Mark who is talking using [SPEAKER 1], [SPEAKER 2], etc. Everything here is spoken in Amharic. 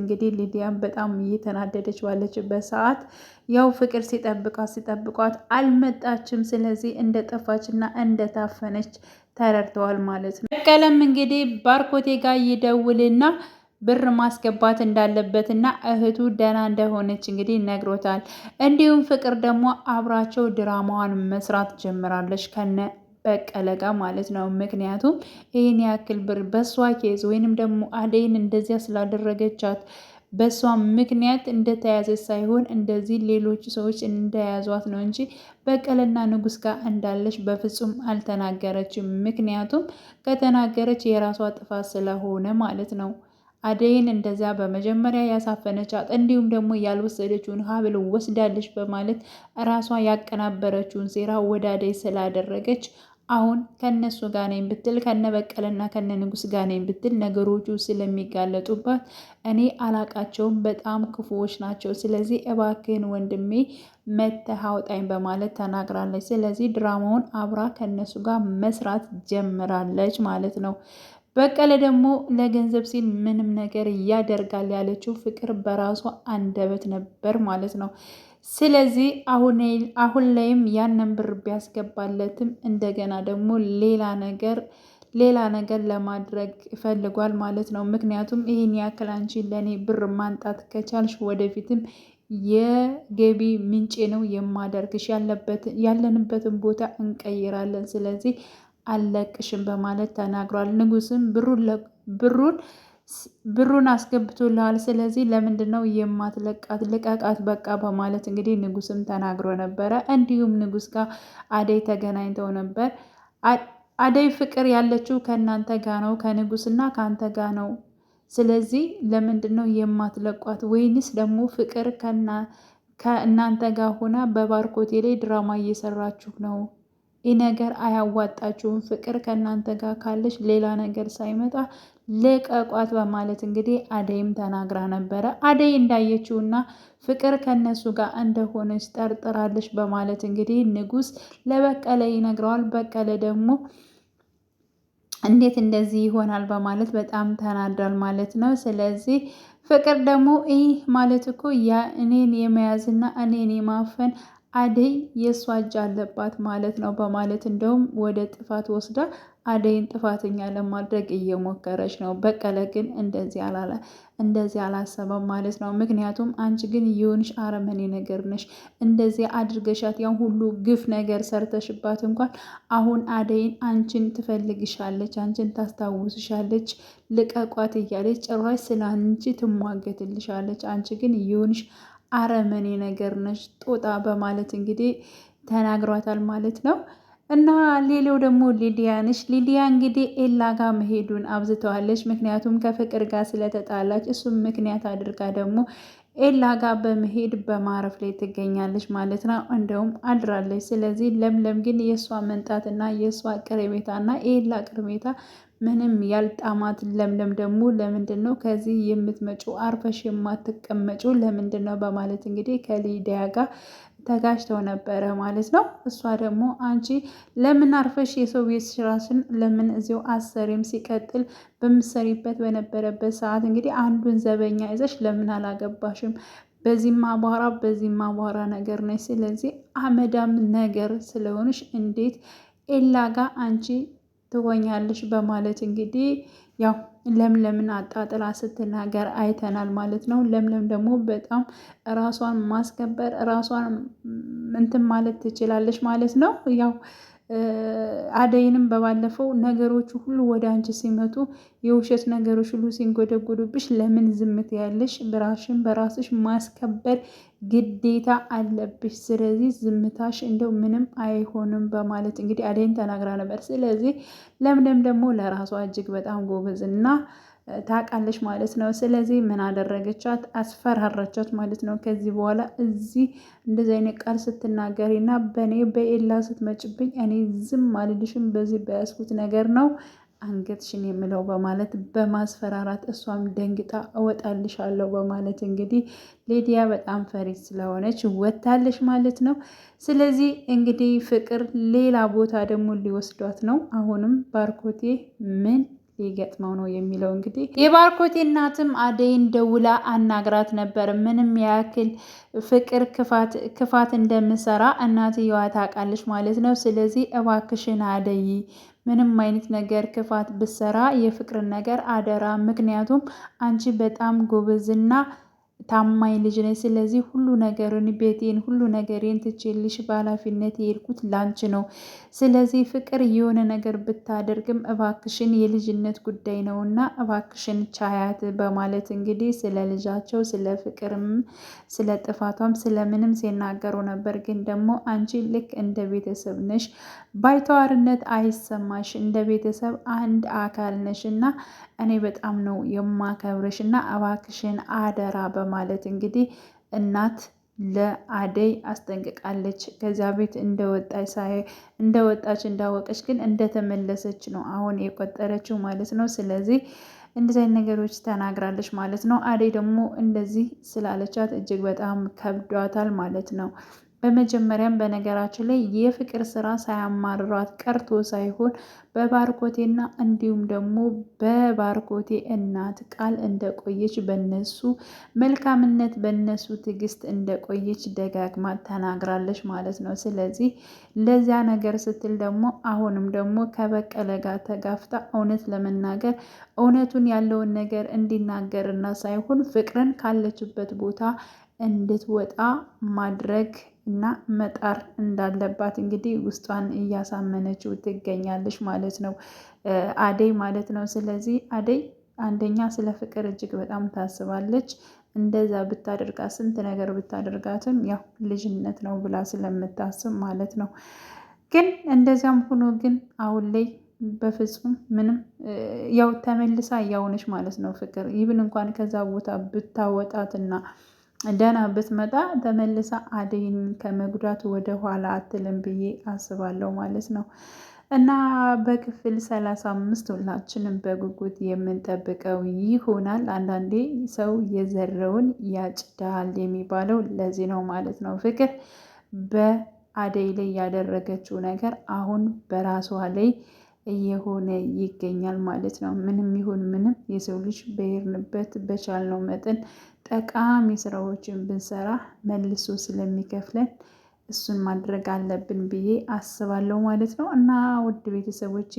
[SPEAKER 1] እንግዲህ ሊዲያን በጣም እየተናደደች ባለችበት ሰዓት ያው ፍቅር ሲጠብቋት ሲጠብቋት አልመጣችም። ስለዚህ እንደ ጠፋችና እንደ ታፈነች ተረድተዋል ማለት ነው። በቀለም እንግዲህ ባርኮቴ ጋር ይደውልና ብር ማስገባት እንዳለበትና እህቱ ደህና እንደሆነች እንግዲህ ነግሮታል። እንዲሁም ፍቅር ደግሞ አብራቸው ድራማዋን መስራት ጀምራለች ከነ በቀለ ጋ ማለት ነው። ምክንያቱም ይህን ያክል ብር በሷ ኬዝ ወይንም ደግሞ አደይን እንደዚያ ስላደረገቻት በእሷ ምክንያት እንደተያዘች ሳይሆን እንደዚህ ሌሎች ሰዎች እንደያዟት ነው እንጂ በቀለና ንጉስ ጋር እንዳለች በፍጹም አልተናገረችም። ምክንያቱም ከተናገረች የራሷ ጥፋት ስለሆነ ማለት ነው። አደይን እንደዚያ በመጀመሪያ ያሳፈነቻት እንዲሁም ደግሞ ያልወሰደችውን ሀብል ወስዳለች በማለት ራሷ ያቀናበረችውን ሴራ ወደ አደይ ስላደረገች አሁን ከነሱ ጋር ነኝ ብትል ከነ በቀለና ከነ ንጉስ ጋር ነኝ ብትል ነገሮቹ ስለሚጋለጡባት እኔ አላቃቸውም፣ በጣም ክፉዎች ናቸው። ስለዚህ እባክህን ወንድሜ መተህ አውጣኝ በማለት ተናግራለች። ስለዚህ ድራማውን አብራ ከነሱ ጋር መስራት ጀምራለች ማለት ነው። በቀለ ደግሞ ለገንዘብ ሲል ምንም ነገር ያደርጋል ያለችው ፍቅር በራሷ አንደበት ነበር ማለት ነው። ስለዚህ አሁን ላይም ያንን ብር ቢያስገባለትም እንደገና ደግሞ ሌላ ነገር ሌላ ነገር ለማድረግ ይፈልጓል ማለት ነው። ምክንያቱም ይህን ያክል አንቺ ለእኔ ብር ማንጣት ከቻልሽ ወደፊትም የገቢ ምንጭ ነው የማደርግሽ፣ ያለንበትን ቦታ እንቀይራለን፣ ስለዚህ አለቅሽም በማለት ተናግሯል። ንጉስም ብሩን ብሩን አስገብቶልሃል። ስለዚህ ለምንድን ነው የማትለቃት? ልቀቃት በቃ በማለት እንግዲህ ንጉስም ተናግሮ ነበረ። እንዲሁም ንጉስ ጋር አደይ ተገናኝተው ነበር። አደይ ፍቅር ያለችው ከእናንተ ጋ ነው፣ ከንጉስና ከአንተ ጋ ነው። ስለዚህ ለምንድን ነው የማትለቋት? ወይንስ ደግሞ ፍቅር ከእናንተ ጋር ሆና በባርኮቴ ላይ ድራማ እየሰራችሁ ነው? ይህ ነገር አያዋጣችሁም። ፍቅር ከእናንተ ጋር ካለች ሌላ ነገር ሳይመጣ ልቀቋት በማለት እንግዲህ አደይም ተናግራ ነበረ። አደይ እንዳየችውና ፍቅር ከነሱ ጋር እንደሆነች ጠርጥራለች በማለት እንግዲህ ንጉስ ለበቀለ ይነግረዋል። በቀለ ደግሞ እንዴት እንደዚህ ይሆናል በማለት በጣም ተናዷል ማለት ነው። ስለዚህ ፍቅር ደግሞ ይህ ማለት እኮ ያ እኔን የመያዝና እኔን የማፈን አደይ የእሷ እጅ አለባት ማለት ነው በማለት እንደውም ወደ ጥፋት ወስዳ አደይን ጥፋተኛ ለማድረግ እየሞከረች ነው። በቀለ ግን እንደዚህ አላለ እንደዚህ አላሰበም ማለት ነው። ምክንያቱም አንቺ ግን ይሁንሽ አረመኔ ነገር ነሽ፣ እንደዚህ አድርገሻት ያን ሁሉ ግፍ ነገር ሰርተሽባት እንኳን አሁን አደይን አንቺን ትፈልግሻለች፣ አንቺን ታስታውስሻለች፣ ልቀቋት እያለች ጭራሽ ስለ አንቺ ትሟገትልሻለች። አንቺ ግን ይሁንሽ አረመኔ ነገር ነች ጦጣ በማለት እንግዲህ ተናግሯታል ማለት ነው። እና ሌላው ደግሞ ነች ሊዲያ እንግዲህ ኤላ ጋ መሄዱን አብዝተዋለች። ምክንያቱም ከፍቅር ጋር ስለተጣላች እሱም ምክንያት አድርጋ ደግሞ ኤላ ጋር በመሄድ በማረፍ ላይ ትገኛለች ማለት ነው። እንደውም አድራለች። ስለዚህ ለምለም ግን የእሷ መንጣትና የእሷ ቅርቤታና የኤላ ቅርቤታ ምንም ያልጣማት ለምለም ደግሞ ለምንድን ነው ከዚህ የምትመጪው አርፈሽ የማትቀመጪው ለምንድን ነው በማለት እንግዲህ ከሊዲያ ጋር ተጋጅተው ነበረ ማለት ነው። እሷ ደግሞ አንቺ ለምን አርፈሽ የሰው ቤት ስራሽን ለምን እዚው አሰሪም ሲቀጥል በምሰሪበት በነበረበት ሰዓት እንግዲህ አንዱን ዘበኛ ይዘሽ ለምን አላገባሽም? በዚህም አቧራ በዚህም አቧራ ነገር ነች። ስለዚህ አመዳም ነገር ስለሆንሽ እንዴት ኤላ አንቺ ትሆኛለሽ በማለት እንግዲህ ያው ለምለምን አጣጥላ ስትናገር አይተናል ማለት ነው። ለምለም ደግሞ በጣም ራሷን ማስከበር ራሷን እንትን ማለት ትችላለች ማለት ነው ያው አደይንም በባለፈው ነገሮቹ ሁሉ ወደ አንቺ ሲመጡ የውሸት ነገሮች ሁሉ ሲንጎደጎዱብሽ ለምን ዝምት ያለሽ? ብራሽን በራስሽ ማስከበር ግዴታ አለብሽ። ስለዚህ ዝምታሽ እንደው ምንም አይሆንም በማለት እንግዲህ አደይን ተናግራ ነበር። ስለዚህ ለምለም ደግሞ ለራሷ እጅግ በጣም ጎበዝ እና ታውቃለች ማለት ነው። ስለዚህ ምን አደረገቻት? አስፈራራቻት ማለት ነው። ከዚህ በኋላ እዚህ እንደዚህ አይነት ቃል ስትናገሪ እና በእኔ በኤላ ስትመጭብኝ እኔ ዝም አልልሽም፣ በዚህ በያዝኩት ነገር ነው አንገትሽን የምለው በማለት በማስፈራራት እሷም ደንግጣ እወጣልሻለሁ በማለት እንግዲህ ሌዲያ በጣም ፈሪ ስለሆነች ወታለሽ ማለት ነው። ስለዚህ እንግዲህ ፍቅር ሌላ ቦታ ደግሞ ሊወስዷት ነው። አሁንም ባርኮቴ ምን ሊገጥመው ነው የሚለው እንግዲህ የባርኮቴ እናትም አደይን ደውላ አናግራት ነበር። ምንም ያክል ፍቅር ክፋት እንደምሰራ እናትየዋ ታውቃለች ማለት ነው። ስለዚህ እባክሽን አደይ ምንም አይነት ነገር ክፋት ብሰራ የፍቅርን ነገር አደራ፣ ምክንያቱም አንቺ በጣም ጎበዝና ታማኝ ልጅ ነኝ። ስለዚህ ሁሉ ነገርን ቤቴን ሁሉ ነገሬን ትቼልሽ በኃላፊነት የሄድኩት ላንች ነው። ስለዚህ ፍቅር የሆነ ነገር ብታደርግም እባክሽን የልጅነት ጉዳይ እና እባክሽን ቻያት በማለት እንግዲህ ስለ ልጃቸው ስለ ፍቅርም ስለ ጥፋቷም ስለምንም ሲናገሩ ነበር። ግን ደግሞ አንቺ ልክ እንደ ቤተሰብ ነሽ፣ ባይተዋርነት አይሰማሽ፣ እንደ ቤተሰብ አንድ አካል ነሽ እና እኔ በጣም ነው የማከብረሽ እና እባክሽን አደራ በማለት እንግዲህ እናት ለአደይ አስጠንቅቃለች። ከዚያ ቤት እንደወጣች ሳይ እንደወጣች እንዳወቀች ግን እንደተመለሰች ነው አሁን የቆጠረችው ማለት ነው። ስለዚህ እንደዚህ አይነት ነገሮች ተናግራለች ማለት ነው። አደይ ደግሞ እንደዚህ ስላለቻት እጅግ በጣም ከብዷታል ማለት ነው። በመጀመሪያም በነገራችን ላይ የፍቅር ስራ ሳያማርራት ቀርቶ ሳይሆን በባርኮቴና እንዲሁም ደግሞ በባርኮቴ እናት ቃል እንደቆየች በነሱ መልካምነት በነሱ ትዕግስት እንደቆየች ደጋግማ ተናግራለች ማለት ነው። ስለዚህ ለዚያ ነገር ስትል ደግሞ አሁንም ደግሞ ከበቀለ ጋር ተጋፍታ እውነት ለመናገር እውነቱን ያለውን ነገር እንዲናገርና ሳይሆን ፍቅርን ካለችበት ቦታ እንድትወጣ ማድረግ እና መጣር እንዳለባት እንግዲህ ውስጧን እያሳመነችው ትገኛለች ማለት ነው አደይ ማለት ነው። ስለዚህ አደይ አንደኛ ስለ ፍቅር እጅግ በጣም ታስባለች። እንደዛ ብታደርጋት ስንት ነገር ብታደርጋትም ያው ልጅነት ነው ብላ ስለምታስብ ማለት ነው። ግን እንደዚያም ሆኖ ግን አሁን ላይ በፍጹም ምንም ያው ተመልሳ እያውነች ማለት ነው። ፍቅር ይብን እንኳን ከዛ ቦታ ብታወጣትና ደህና ብትመጣ ተመልሳ አደይን ከመጉዳት ወደ ኋላ አትልም ብዬ አስባለሁ ማለት ነው። እና በክፍል ሰላሳ አምስት ሁላችንም በጉጉት የምንጠብቀው ይሆናል። አንዳንዴ ሰው የዘረውን ያጭዳል የሚባለው ለዚህ ነው ማለት ነው። ፍቅር በአደይ ላይ ያደረገችው ነገር አሁን በራሷ ላይ እየሆነ ይገኛል ማለት ነው። ምንም ይሁን ምንም የሰው ልጅ በሄርንበት በቻልነው መጠን ጠቃሚ ስራዎችን ብንሰራ መልሶ ስለሚከፍለን እሱን ማድረግ አለብን ብዬ አስባለሁ ማለት ነው እና ውድ ቤተሰቦች